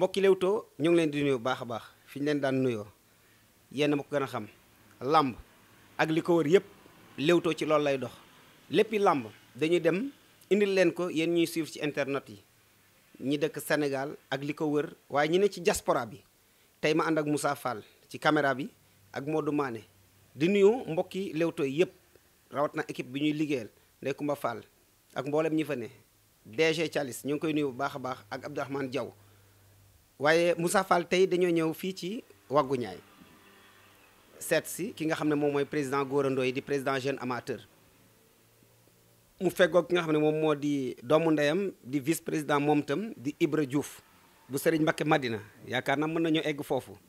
mbokki Leewtoo ñu ngi leen di nuyu baax a baax fi ñu leen daan nuyoo yéen ma ko gën a xam làmb ak li ko wër yëpp Leewtoo ci loolu lay dox léppi làmb dañuy dem indil leen ko yéen ñuy suivre ci internet yi ñi dëkk Sénégal ak li ko wër waaye ñi ne ci diaspora bi tey ma ànd ak Moussa Fall ci caméra bi ak Modou Mané di nuyu mbokki yi yëpp rawat na équipe bi ñuy liggéeyal Ndeye Kumba Fall ak mboolem ñi fa ne DG Thialis ñu ngi koy nuyu bu baax a baax ak Abdourahmane Diaw waaye Moussa Fall tey dañoo ñëw fii ci waggu ñaay seet si ki nga xam ne moom mooy président Gora yi di président jeune amateur mu feggoog ki nga xam ne moom moo di doomu ndeyam di vice président moom tam di ibre Diouf bu Serigne Mbacké Madina yaakaar na mën nañoo egg foofu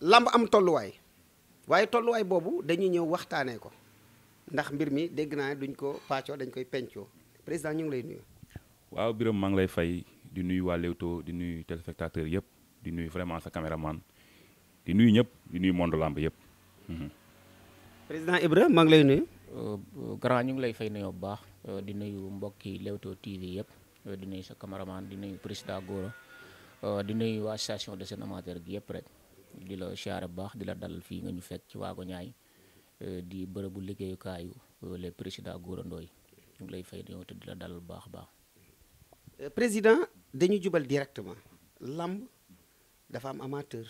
lamb am tolluwaay waaye tolluwaay boobu dañuy ñëw waxtaanee ko ndax mbir mi dégg naa duñ ko paccoo dañ koy pencoo président ñu ngi lay nuyu. waaw Birame maa ngi lay fay. di nuy waa Leewtoo di nuyu téléspectateur yëpp di nuyu vraiment sa caméraman di nuyu ñëpp di nuy monde lamb yëpp. Mhm. président Ibra maa ngi lay nuyu. Euh, grand ñu ngi lay fay nuyoo bu baax euh, di nuyu mbokki Leewtoo TV yëpp euh, di nuy sa caméraman di nuyu président Gora di nuyu waa station de seen amateur gi yëpp rek di la siyaare bu baax di la dalal fii nga ñu fekk ci waago ñaay di bërëbu liggéeyukaayu les président Gora Ndoye ñu ngi lay fay nuyoo te di la dalal baax baax. Euh, président dañu jubal directement lamb dafa am amateur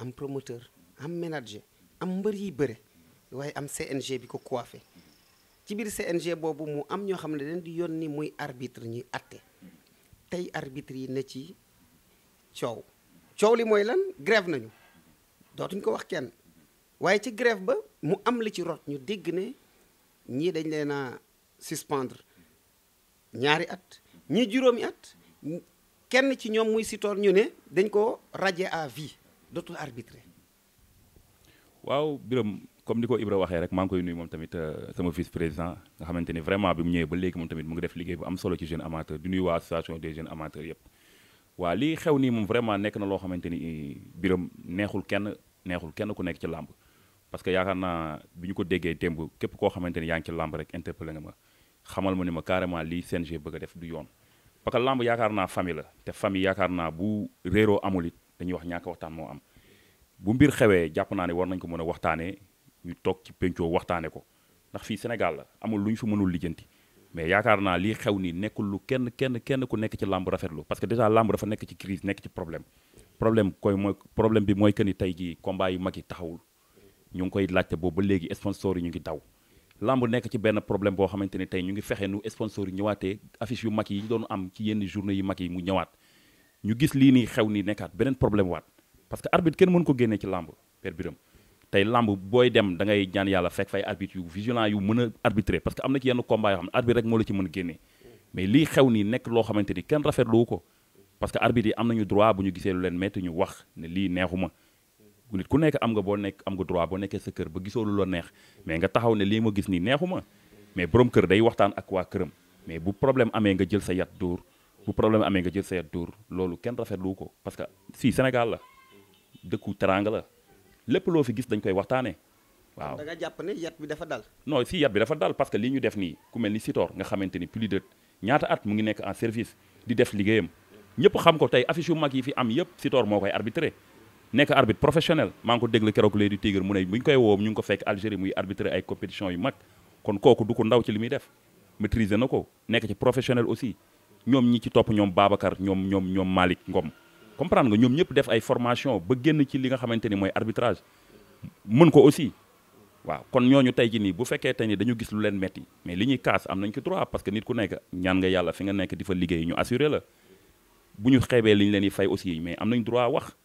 am promoteur am manager am mbër yi bëre waaye am CNG bi ko coiffé ci biir CNG boobu mu am ñoo xam ne dañ di yónni muy arbitre ñuy atte tey arbitre yi ne ci coow coow li mooy lan grève nañu dootuñ ko wax kenn waaye ci grève ba mu am li ci rot ñu dégg ne ñii dañ leen a suspendre ñaari at ñi juróomi at kenn ci ñoom muy Sitor ñu ne dañ ko radier à vie dootul arbitré waaw Birame comme ni ko Ibra waxee rek maa ngi koy nuyu moom tamit euh, sama vice président nga xamante ni vraiment bi mu ñëwee ba léegi moom tamit mu ngi def liggéey bu am solo ci jeunes amateurs di nuyu waa association des jeunes amateurs yëpp waa lii xew nii moom vraiment nekk na loo xamante ni Birame neexul kenn neexul kenn ku nekk ci làmb parce que yaakaar naa bi ñu ko déggee démb képp koo xamante ni yaa ngi ci làmb rek interpellé nga ma xamal ma ni ma carrément lii CNG bëgg def du yoon parce que lamb yaakaar naa famille la te famille yaakaar naa bu réeroo amul it dañuy wax ñàkk waxtaan moo am bu mbir xewee jàpp naa ne war nañ ko mën a waxtaanee ñu toog ci pencoo waxtaanee ko ndax fii Sénégal la amul lu ñu fi mënul lijjanti mais yaakaar naa lii xew nii nekkul lu kenn kenn kenn ku nekk ci lamb rafetlu parce que déjà lamb dafa nekk ci crise nekk ci problème problème koy mooy problème bi mooy que ni tey jii combat yu mag yi taxawul ñu ngi koy laajte boobu ba léegi sponsor yi ñu ngi daw lamb nekk ci benn problème boo xamante ne tey ñu ngi fexe nu sponsor yi ñëwaatee affiche yu mag yi ñu doon am ci yenn journée yu mag yi mu ñëwaat ñu gis lii nii xew nii nekkaat beneen problème waat parce que arbitre kenn mën ko génnee ci lamb per biram tey lamb booy dem da ngay yàlla fekk fay arbitre yu vigilant yu mën a arbitrer parce que am na ci yenn combat yoo xam ne arbitre rek moo la ci mën génnee mais lii xew nii nekk loo xamante ni kenn rafetlu ko parce que ñu gisee lu leen métti ñu wax nit ku nekk am nga boo nekk am nga droit boo nekkee sa kër ba gisoo lu la neex mais nga taxaw ne lii ma gis nii neexu ma mais borom kër day waxtaan ak waa këram mais bu problème amee nga jël sa yat dóor bu problème amee nga jël sa yat dóor loolu kenn rafetlu ko parce que fii Sénégal la dëkku teranga la lépp loo fi gis dañ koy waxtaanee waaw. da nga jàpp yat bi dafa dal. non si yat bi dafa dal parce que li ñu def nii ku mel ni Sitor nga xamante ni plus de ñaata at mu ngi nekk en service di def liggéeyam ñëpp xam ko tey affiche yu mag yi fi am yëpp Sitor moo koy arbitré. nekk arbitre professionnel maa ngi ko déglu keroog léegi Tigre mu ne bu ñu koy woo ñu ngi ko fekk Algérie muy arbitré ay compétition yu mag kon kooku du ko ndaw ci li muy def maîtriser na ko nekk ci professionnel aussi ñoom ñi ci topp ñoom Babacar ñoom ñoom ñoom Malick Ngom comprendre nga ñoom ñëpp def ay formation ba génn ci li nga xamante ni mooy arbitrage mën ko aussi waaw kon ñooñu tey ji nii bu fekkee tey ni dañu gis lu leen metti mais li ñuy kaas am nañ ci droit parce que nit ku nekk ñaan yàlla fi nga nekk di liggéey ñu assuré la bu ñu xeebee li ñu leen di fay aussi mais am nañ droit wax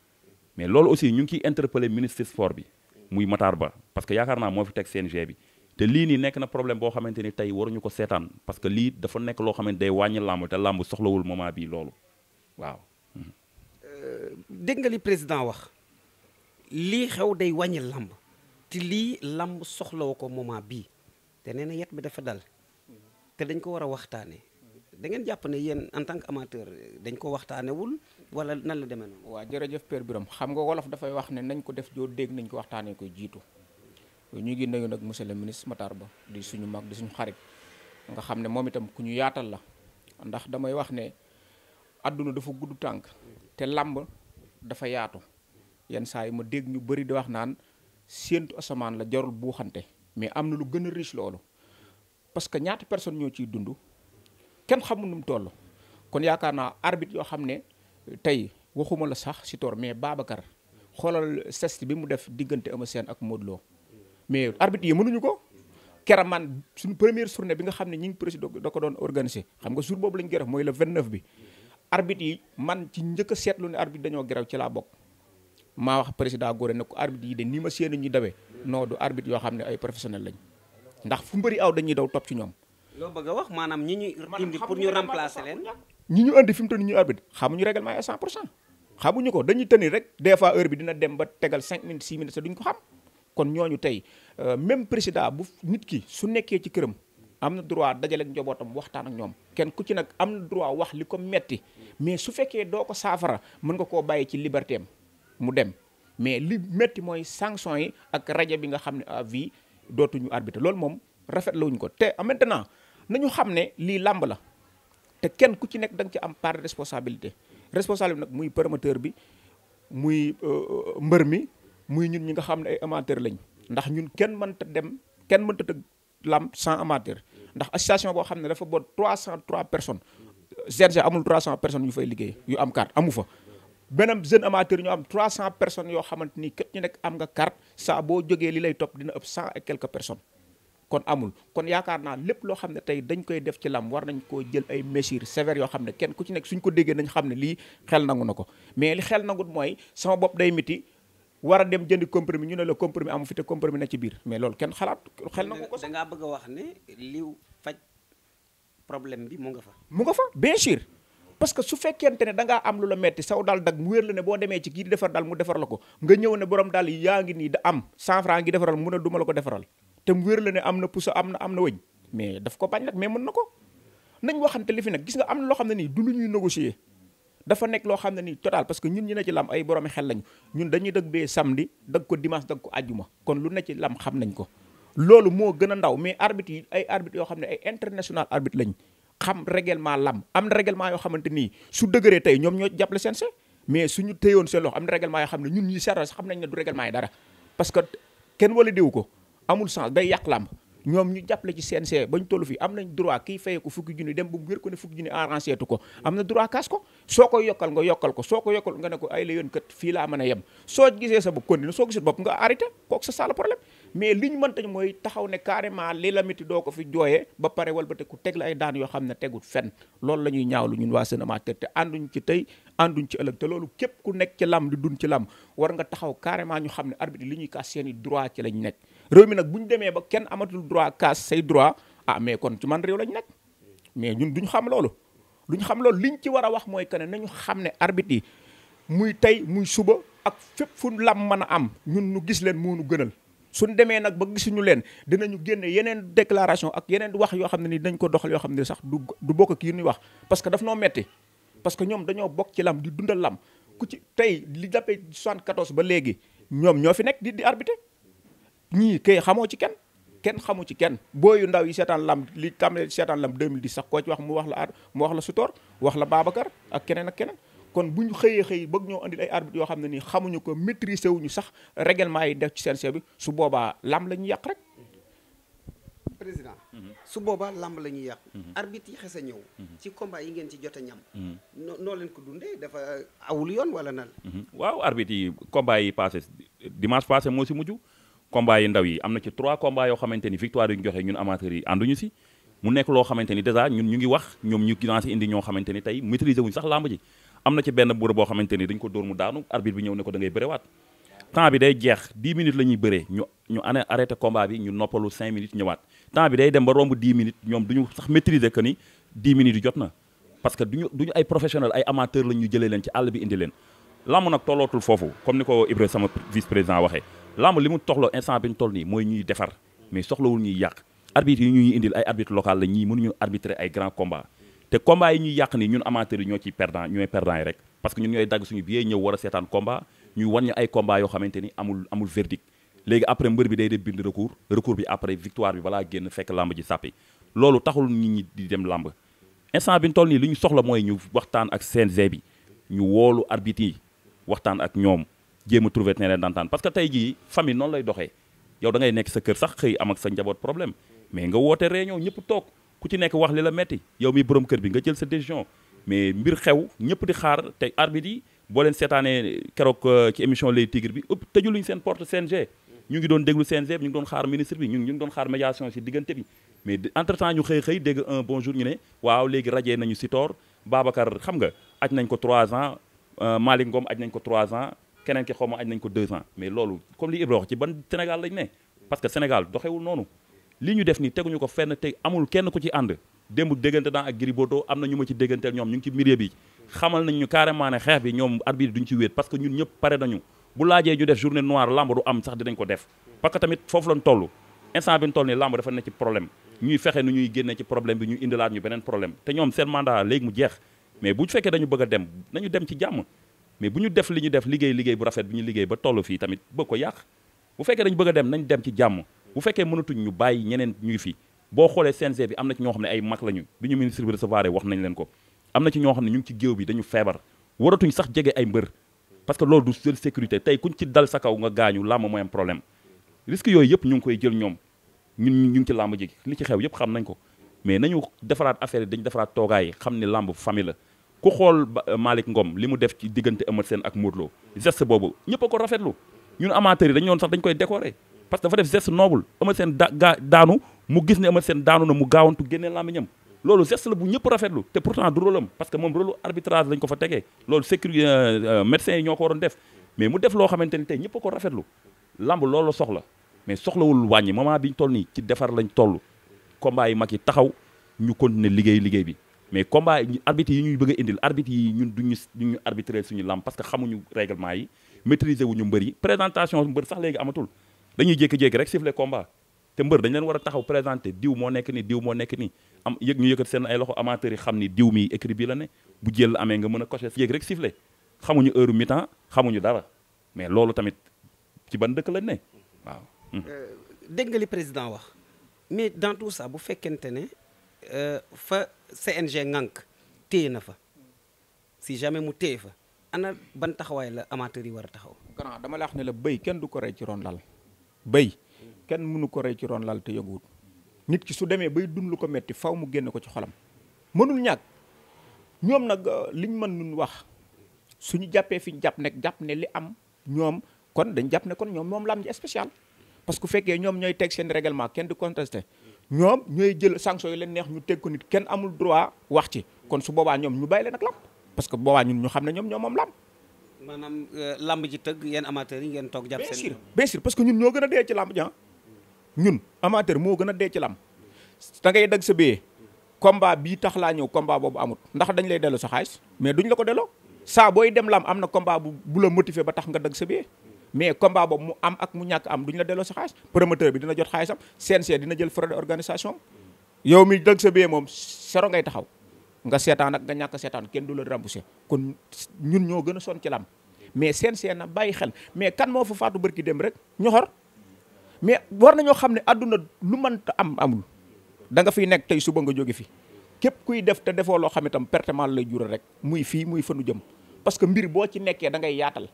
mais loolu aussi ñu ngi ciy interpellé ministre sport bi muy Matar Ba parce que yaakaar naa moo fi teg CNG bi te lii nii nekk na problème boo xamante ni tey ñu ko seetaan parce que lii dafa nekk loo xamante day wàññi làmb te làmb soxlawul moment bi loolu euh, nga président wax lii xew day wàññi làmb te lii làmb soxlawu ko moment bii te nee na yet bi dafa dal te dañ ko war a waxtaanee da ngeen jàpp ne yéen en tant que amateur dañ ko waxtaanewul wala nan la demee noonu. waaw jërëjëf Père Birame xam nga wolof dafay wax ne nañ ko def joo dégg nañ ko waxtaanee koy jiitu ñu ngi nuyu nag monsieur le ministre Matar Ba di suñu mag di suñu xarit nga xam ne moom itam ku ñu yaatal la ndax damay wax ne àdduna dafa gudd tànk te làmb dafa yaatu yenn saa yi ma dégg ñu bëri di wax naan séentu asamaan la jarul buuxante mais am na lu gën a riche loolu parce que ñaata personne ñoo ciy dund kenn xamul nu mu toll kon yaakaar naa arbitre yoo xam ne. tey waxuma la sax si toor mais Babacar xoolal sest bi mu def diggante Eumeu Sène ak Modou Lo mais arbitre yi mënuñu ko keroog man suñu première journée bi nga xam ne ñi ngi président da ko doon organiser xam nga jour boobu lañ gërëm mooy le 29 bi arbitre yi man ci njëkk a seetlu ne arbitre dañoo gërëw ci laa bokk maa wax président Goré ne ko arbitre yi de ni ma seen ñu dawee non du arbitre yoo xam ne ay professionnel lañ ndax fu mbëri aw dañuy daw topp ci ñoom. loo bëgg a ñi ñu indi fi mu ñu arbitre xamuñu règlement yi à ko dañuy tënni rek des fois heure bi dina dem ba tegal 5 minutes 6 minutes te duñ ko xam kon ñooñu tey euh, même président bu nit ki su nekkee ci këram am na droit dajale ak njabootam waxtaan ak ñoom kenn ku ci nag am na droit wax li ko metti mais su fekkee doo ko saafara mën nga koo bàyyi ci liberté mu dem mais li metti mooy sanction yi ak rajo bi nga xam ne à vie dootuñu arbitre loolu moom rafetlu wuñ ko te maintenant nañu xam ne lii làmb la. te kenn ku ci nekk da nga ci am part de responsabilité responsable nag muy promoteur bi muy euh, euh, mbër mi muy ñun ñi nga xam ne ay amateur lañ ndax ñun kenn mënta dem kenn mënta tëgg lam sans amateur ndax association boo xam ne dafa boot 303 personnes CNG amul 300 personnes yu fay liggéey yu am carte amu fa beneen jeune amateur ñu am 300 personnes yoo xamante ni képp ñu nekk am nga carte saa boo jógee li lay topp dina ëpp cent et personnes kon amul kon yaakaar naa lépp loo xam ne tey dañ koy def ci lam war nañ koo jël ay mesures sévères yoo xam ne kenn ku ci nekk suñ ko déggee nañ xam ne lii xel nangu na ko mais li xel nangut mooy sama bopp day miti war a dem jëndi compromis ñu ne la compromis amu fi te na ci biir mais loolu kenn xalaat xel nangu ko sax dangaa bëgg a wax ne li faj problème bi mu nga fa mu nga fa bien sûr parce que su fekkente ne da ngaa am lu la metti saw dal dag mu wér la ne boo demee ci kii di defar dal mu defar la ko nga ñëw ne borom dal yaa ngi nii da am 100 francs ngi defaral mu ne duma la ko defaral te mu wér la ne am na puso am na am na wëñ mais daf ko bañ nag mais mën na ko nañ waxante li fi nag gis nga am na loo xam ne nii du lu ñuy négocier dafa nekk loo xam ne nii total parce que ñun ñi ne ci lam ay boroomi xel lañu ñun dañuy dëgg bee samedi dëgg ko dimanche dëgg ko ajjuma kon lu ne ci lam xam nañ ko loolu moo gën a ndaw mais arbitre yi ay arbitre yoo xam ne ay international arbitre lañ xam règlement lam am na règlement yoo xamante nii su dëgëree tey ñoom ñoo jàppale seen mais suñu téyoon seen loxo am na règlement yoo xam ne ñun ñi seetal sax xam nañ ne du règlement yi dara parce que kenn wala diw ko amul sens day yàq làmb ñoom ñu jàppale ci CNG bañ tollu fi am nañ droit kii fayee ko fukki junni dem bu mu wér ko ne fukki junni arrangé tu ko am na droit kaas ko soo ko yokkal nga yokkal ko soo ko yokkal nga ne ko ay la kat fii laa mën a yem soo gisee sa bopp continué soo gisee bopp nga arrêté kooku sa sala problème mais li ñu mënta mooy taxaw ne carrément li la doo ko fi jooyee ba pare walbatiku teg la ay daan yoo xam ne tegut fen loolu la ñuy ñaawlu ñun waa Sen Amateur te ànduñ ci tey ànduñ ci ëllëg loolu képp ku nekk ci lam di dund ci lam war nga taxaw carrément ñu xam ne arbitre li ñuy kaas seeni droit ci lañ nekk réew mi nag bu ñu demee ba kenn amatul droit kaas sey droit ah mais kon ci man réew lañ nekk mais ñun duñ xam loolu ñu xam loolu liñ ci war a wax mooy que ne nañu xam ne arbitre yi muy tey muy suba ak fépp fu lam mën a am ñun nu gis leen mu nu gënal suñ demee nag ba gisuñu leen dinañu génne yeneen déclaration ak yeneen wax yoo xam ne nii dañ ko doxal yoo xam ne sax du du bokk ak yi wax parce que daf noo metti parce que ñoom dañoo bokk ci lam di dundal lam ku ci tey li dappee 74 ba léegi ñoom ñoo fi nekk di di arbité ñii kay xamoo ci kenn kenn xamu ci kenn booyu ndaw yi seetaan lam li tàmbalee seetaan lam 2010 sax koo ci wax mu wax la aar mu wax la Sutoor wax la Babacar ak keneen ak keneen kon bu ñu xëyee xëy bëgg ñoo andil ay arbitre yoo xam ne nii xamuñu ko maîtriser wuñu sax règlement yi def ci CNG bi su boobaa lamb la ñuy yàq rek. président. Mhm. su boobaa lamb la ñuy yàq. Mhm. arbitre yi xese ñëw. Mhm. ci combat yi ngeen ci jot a ñam. noo leen ko dundee dafa awul yoon wala nan. waaw arbitre yi combat yi passé dimanche passé moo si mujj combat yi ndaw yi am na ci trois combats yoo xamante ni victoire yu ñu joxe ñun amateurs yi ànduñu si. mu nekk loo xamante ni dèjà ñun ñu ngi wax ñoom ñu ginnaaw indi ñoo xamante ni tey maîtriser wuñ sax lamb ji. am na ci benn buur boo xamante ni dañ ko dóor mu daanu arbitre bi ñëw ne ko da ngay bërewaat temps bi day jeex 10 minutes la ñuy bëree ñu ñu ané arrêté combat bi ñu noppalu 5 minutes ñëwaat temps bi day dem ba romb 10 minutes ñoom duñu sax maîtriser que ni 10 minutes jot na parce que duñu duñu ay professionnel ay amateur lañ ñu leen ci àll bi indi leen lamb nag tollootul foofu comme ni ko Ibrahima sama vice président waxee lamb li mu toxloo instant bi ñu mooy ñuy defar mais soxlawul ñuy yàq arbitre yi ñuy ay arbitre local la ñii mënuñu arbitrer ay grand combat te combat yi ñuy yàq nii ñun amateurs yi ñoo ciy perdant ñooy perdant yi rek parce que ñun ñooy dagg suñu billet ñëw war a seetaan combat ñuy wan ñu ay combat yoo xamante ni amul amul verdict léegi après mbër bi day def bind recours recours bi après victoire bi balaa génn fekk lamb ji sàppi loolu taxul nit ñi di dem lamb instant bi ñu toll nii li ñu soxla mooy ñu waxtaan ak CNG bi ñu woolu arbitre yi waxtaan ak ñoom jéem a trouver terrain d'entente parce que tey jii famille noonu lay doxee yow da ngay nekk sa kër sax xëy am ak sa njaboot mais nga woote réunion ñëpp toog ku ci nekk wax li la metti yow mi borom kër bi nga jël sa décision mais mbir xew ñëpp di xaar te arbitre yi boo leen seetaanee keroog euh, ci émission lay tigre bi ëpp luñ seen porte CNG ñu ngi doon déglu CNG bi ñu ngi doon xaar ministre bi ñu ngi doon xaar médiation si diggante bi mais entre temps ñu xëy xëy dégg un bonjour ñu ne waaw léegi rajee nañu si toor Babacar xam nga aj nañ ko 3 ans euh, Malick Ngom aj nañ ko trois ans keneen ki xaw ma aj nañ ko 2 ans mais loolu comme li Ibra wax ci ban Sénégal lañ ne parce noonu li ñu def ni teguñu ko fenn te amul kenn ku ci ànd démb déggante daan ak Gris Bordeaux am na ñu ma ci dégganteel ñoom ñu ngi ci milieu bi xamal nañ ñu carrément ne xeex bi ñoom arbitre duñ ci wéet parce que ñun ñëpp pare nañu bu laajee ñu def journée noire lamb du am sax dinañ ko def parce que tamit foofu lañ toll instant bi ñu toll nii lamb dafa ne ci problème ñuy fexe nu ñuy génnee ci problème bi ñu indilaat ñu beneen problème te ñoom seen mandat léegi mu jeex mais bu fekkee dañu bëgg a dem nañu dem ci jàmm ñu def li ñu def liggéey liggéey bu rafet bi ñu liggéey ba toll fii tamit bëgg ko yàq bu fekkee dañu bëgg nañ dem ci jàmm bu fekkee mënatuñ ñu bàyyi ñeneen ñuy fi boo xoolee CNG bi am na ci ñoo xam ne ay mag lañu bi ñu ministre bi recevoir wax nañ leen ko am na ci ñoo xam ne ñu ngi ci géew bi dañu feebar waratuñ sax jege ay mbër parce que loolu du seul sécurité tey kuñ ci dal sa kaw nga gaañu làmb mooy am problème risque yooyu yëpp ñu ngi koy jël ñoom ñun ñu ngi ci làmb ji li ci xew yëpp xam nañ ko mais nañu defaraat affaire yi dañu defaraat toogaay xam ne làmb famille la ku xool euh, Malick Ngom li mu def ci diggante Eumeu Sène ak Modou Lo geste boobu ñëpp ko rafetlu ñun amateurs yi dañu sax dañ koy décorer parce que dafa def geste noble Eumeu Sène daanu mu gis ne Eumeu Sène daanu na mu gaawantu génne làmmiñam loolu geste la bu ñëpp rafetlu te pourtant du rôle am parce que moom rôle arbitrage lañ ko fa tegee loolu sécurité euh, euh, médecins yi ñoo ko waroon def mais mu def loo xamante ni tey ñëpp a ko rafetlu lamb loolu soxla mais soxlawul wàññi moment biñ toll nii ci defar lañ toll combat yi mag yi taxaw ñu continuer liggéey liggéey bi mais combat arbitre yi ñuy bëgg a indil yi ñun duñu duñu arbitrer suñu lamb parce que xamuñu règlement yi maîtriser wuñu mbër yi présentation mbër sax léegi amatul dañuy jékki-jékki rek siffler combat te mbër dañ leen war a taxaw présenté diw moo nekk nii diw moo nekk nii am yëg ñu yëkkat seen ay loxo amateur yi xam ni diw mi écrit bi la ne bu jël amee nga mën a coché jékki rek xamuñu heure mi xamuñu dara mais loolu tamit ci ban dëkk lañ ne waaw euh, dégg nga li président wax mais dans bu fekkente ne euh, fa CNG ŋànk na fa si jamais mu téye fa ana ban taxawaay la amateur yi war a taxaw. grand dama laax wax ne la béy kenn du ko rey ci ron lal. béy kenn mënu ko rey ci ron lal te yënguwut nit ki su demee bay dund lu ko metti faw mu génne ko ci xolam mënul ñàkk ñoom nag euh, liñ mën nun wax suñu jàppee fi ñu jàpp nekk jàpp ne li am ñoom kon dañ jàpp ne kon ñoom moom la am ji spécial parce que fekkee teg seen règlement kenn di contesté ñoom ñooy jël sanction yi leen neex ñu teg ko nit kenn amul droit wax ci kon su boobaa ñoom ñu bàyyi leen ak lam parce que boobaa ñun xam ne ñoom ñoom moom lam maanaam euh, lamb ji tëgg yeen amateurs yi ngeen toog jàpp seen. bien sûr bien sûr parce que ñun ñoo gën a dee ci lamb ji ah. ñun amateur moo gën a dee ci lamb da ngay dagg sa billet combat bii tax laa ñëw combat boobu amut ndax dañ lay dellu sa mais duñ la ko delloo saa booy dem lamb am na combat bu bu la motivé ba tax nga dagg sa billet mais combat boobu mu am ak mu ñàkk am duñ la delloo sa xaalis promoteur bi dina jot xaalisam CNG dina jël frais d'organisation yow mi dagg sa billet moom sero ngay taxaw. nga seetaan ak nga ñàkk seetaan kenn du la remboursé kon ñun ñoo gën a son ci lam mais seen seen na bàyyi xel mais kan moo fa faatu bërki dem rek ñoxor mais war na ñoo xam ne àdduna lu mënta am amul da nga fiy nekk tey suba nga jóge fi képp kuy def te defoo loo xam itam pertement lay jural rek muy fii muy fanu jëm parce que mbir boo ci nekkee da ngay yaatal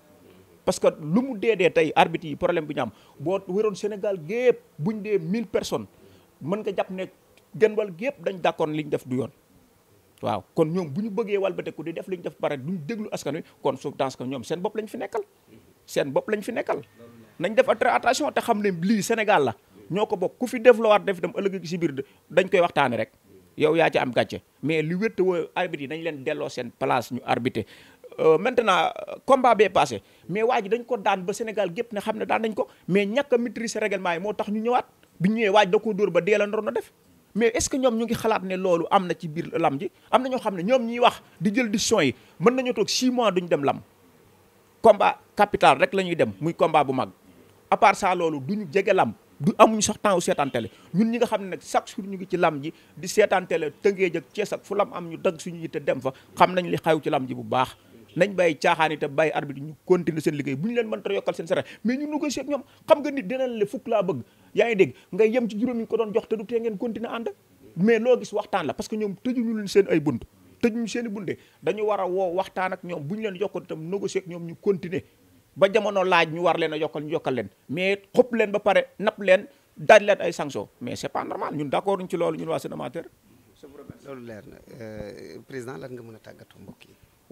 parce que lu mu dee dee tey arbitre yi problème bu ñu am boo wéroon Sénégal gépp buñ dee 1000 personnes mën nga jàpp ne genwal gépp dañ d'accord liñ def du yoon waaw kon ñoom bu ñu bëggee ku di def li ñu def pare duñ déglu askan wi kon su dans que ñoom seen bopp lañ fi nekkal seen bopp lañu fi nekkal nañ def attention te xam ne lii Sénégal la ñoo ko bokk ku fi def loowaat dem ëllëg si biir dañ koy waxtaane rek yow yaa ci am gàcce mais li wétta woo arbitre yi nañ leen delloo seen place ñu arbitrer euh, maintenant combat bee passé mais waa ji dañ ko daan ba Sénégal gépp ne xam ne daan nañ ko mais ñàkk a maîtriser règlement yi moo tax ñu ñëwaat bi ñëwee waaj da koo dóor ba deelandoor na def mais est-ce que ñoom ñu ngi xalaat ne loolu am na ci biir lam ji am na ñoo xam ne ñoom ñuy wax di jël di son yi mën nañoo toog 6 mois duñ dem lam combat capital rek la ñuy dem muy combat bu mag à part loolu du ñu jege lam du amuñu sax temps u seetaantele ñun ñi nga xam ne nag chaque jour ñu ngi ci lam ji di seetaantele tëngee ak Cees fu lam am ñu dagg suñu yitte dem fa xam nañu li xew ci lam ji bu baax nañ bay caaxaani te bàyyi arbitre ñu continuer seen liggéey bu ñu leen mënta yokkal seen salaire mais ñu négocier ñoom xam nga nit dinañ le fukk laa bëgg yaa ngi dégg ngay yem ci juróom yi ko doon jox du tee ngeen continuer ànd mais loo gis a woo waxtaan ak ñoom bu ñu leen yokkoon itam négocier ak ñoom ñu continuer ba jamono laaj ñu war leen a yokkal ñu yokkal leen mais xëpp leen ba pare nap leen daaj leen ay sanction mais c'est pas normal ñun d'accord ñu ci loolu ñun waa seen amateur loolu leer na euh, président nga mën a tàggatoo mbokk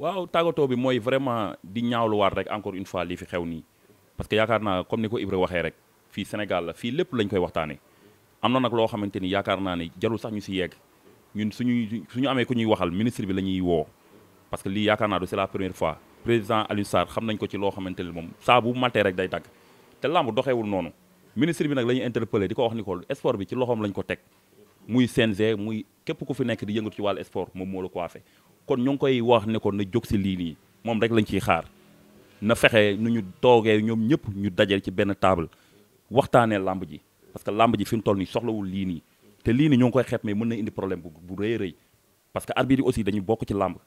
waaw tàggatoo bi mooy vraiment di ñaawluwaat rek encore une fois li fi xew nii parce que yaakaar naa comme ni ko Ibra waxee rek fii Sénégal la fii lépp lañ koy waxtaanee am na nag loo xamante ni yaakaar naa ni jarul sax ñu si yegg ñun su ñu amee ku ñuy waxal ministre bi la ñuy woo parce que lii yaakaar naa du c'est la première fois président Alioune Sarr xam nañ ko ci loo xamante ne moom saa bu matee rek day tàgg te làmb doxewul noonu ministre bi nag la ñuy di ko wax ni ko bi ci loxoom ko teg muy CNG muy képp ku fi nekk di yëngatu ci wàllu sport moom moo la coiffé kon ñu ngi koy wax ne ko na jóg si lii nii moom rek lañu ciy xaar na fexe nu ñu toogee ñoom ñëpp ñu dajale ci benn table waxtaanee làmb ji parce que làmb ji fi mu toll nii soxlawul lii nii te lii nii ñu ngi koy xeeb mais mën na indi problème bu bu rëy rëy parce que arbitre yi aussi dañu bokk ci làmb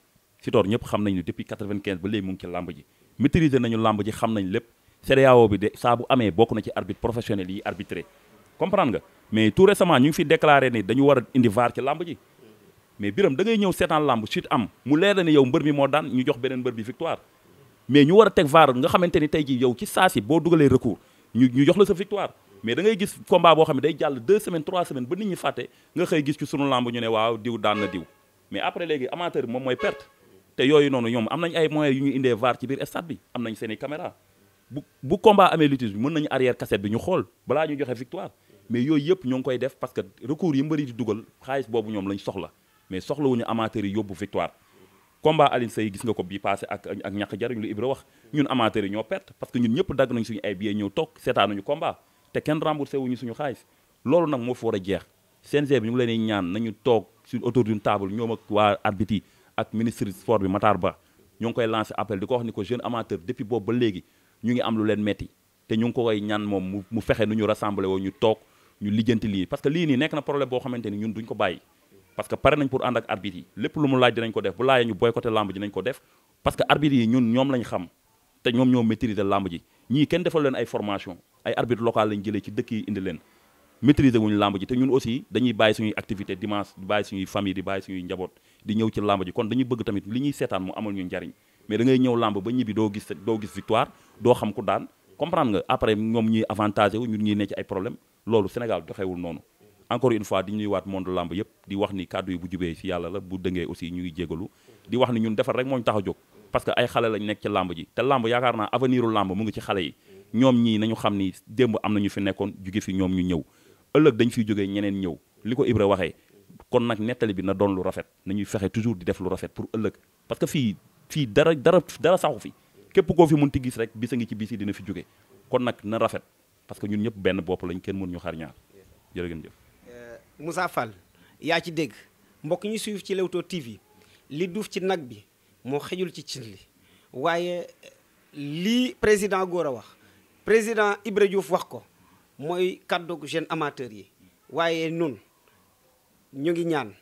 Sitor ñëpp xam nañ ne depuis 95 ba léegi mu ngi ci làmb ji maîtriser nañu làmb ji xam nañ lépp CEDEAO bi de saa bu amee bokk na ci arbitre professionnel yi arbitré comprendre mais tout récemment ñu fi déclaré ni dañu war a indi VAR ci làmb ji mais biram da ngay ñëw seetaan làmb suite am mu leer la ne yow mbër mi moo daan ñu jox beneen mbër bi victoire mais ñu war a teg vaar nga xamante ni tey jii yow ci saa si boo dugalee recours ñu ñu jox la sa victoire mais da ngay gis combat boo xam ne day jàll 2 semaines 3 semaines ba nit ñi fàtte nga xëy gis ci sunu làmb ñu ne waaw diw après léegi amateur moom mooy perte te yooyu noonu ñoom am nañ ay moyens yu ñu indee vaar ci biir stade bi am nañ seen i bu bu combat amee litige bi mën nañu arrière cassette bi ñu xool balaa ñu joxe victoire mais yooyu yëpp ñoo ngi koy def parce que recours yi mbëri di dugal xaalis boobu ñoom lañ soxla mais soxlawuñu amateurs yi yóbbu victoire combat Alioune Seye gis nga ko bii passé ak ak ñàkk lu Ibra wax ñun amateurs yi ñoo perte parce que ñun ñëpp dagg nañ suñu ay billets ñëw toog seetaanuñu combat te kenn remboursé wuñu suñu xaalis loolu nag moo fi war a jeex CNG bi ñu ngi leen ñaan nañu toog su autour d'une table ñoom ak waa arbitre yi ak ministre sport bi Matar Ba ñoo ngi koy lancé appel di ko wax ni ko jeune amateur depuis boobu ba léegi ñu ngi am lu leen metti ko ñaan moom mu fexe nu ñu rassemblé woo ñu toog ñu lijjanti lii parce que lii nii nekk na problème boo xamante ni ñun duñ ko bàyyi parce que pare nañ pour ànd ak arbitre yi lépp lu mu laaj dinañ ko def bu laajee ñu boycotté lamb ji nañ ko def parce que arbitre yi ñun ñoom lañ xam te ñoom ñoo maîtriser lamb ji ñii kenn defal leen ay formation ay arbitre local lañ jëlee ci dëkk yi indi leen maîtriser wuñ lamb ji te ñun aussi dañuy bàyyi suñuy activité dimanche di bàyyi suñuy famille di bàyyi suñuy njaboot di ñëw ci lamb ji kon dañuy bëgg tamit li ñuy seetaan mu amal ñu njariñ mais da ngay ñëw lamb ba ñibbi doo gis doo gis victoire doo xam ku daan comprendre nga ñoom ñuy avantage wu ñun ne ci ay problème loolu Sénégal doxewul noonu encore une fois di ñuy waat monde lamb yëpp di wax ni kàddu yi bu jubee ci yàlla la bu dëngee aussi ñu ngi jégalu di wax ni ñun defar rek moo ñu tax a jóg parce que ay xale lañ nekk ci lamb ji te lamb yaakaar naa aveniru lamb mu ngi ci xale yi ñoom ñii nañu xam ni démb am na ñu fi nekkoon jóge fi ñoom ñu ñëw ëllëg dañ fiy jógee ñeneen ñëw li ko Ibra waxee kon nag nettali bi na doon lu rafet na nañuy fexe toujours di def lu rafet pour ëllëg parce que fii fii dara dara dara saxu fi képp koo fi mënti gis rek bisa ngi ci bis yi dina fi jóge kon nag na rafet parce que ñun ñëpp benn bopp lañ kenn mën ñu xar ñaar jërë ngeen jëf Moussa Fall yaa ci dégg mbokk ñu suivre ci Leewtoo TV li duuf ci nag bi moo xejul ci cin li waaye li président Gora wax président Ibra Diouf wax ko mooy kàddoog jeune amateur yi waaye nun ñu ngi ñaan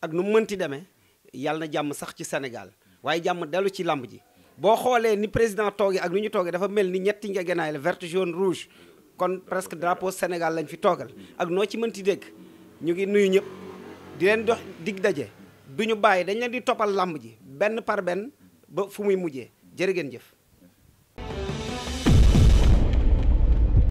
ak nu mënti demee yàlla na jàmm sax ci Sénégal waaye jàmm dellu ci làmb ji boo xoolee ni président toogee ak nu ñu toogee dafa mel ni ñetti nga genaay la vert jaune rouge kon presque drapeau Sénégal lañ fi toogal ak noo ci mënti dégg ñu ngi nuyu ñëpp di leen dox dig daje du ñu bàyyi dañ leen di toppal làmb ji benn par benn ba fu muy mujjee jërë ngeen jëf.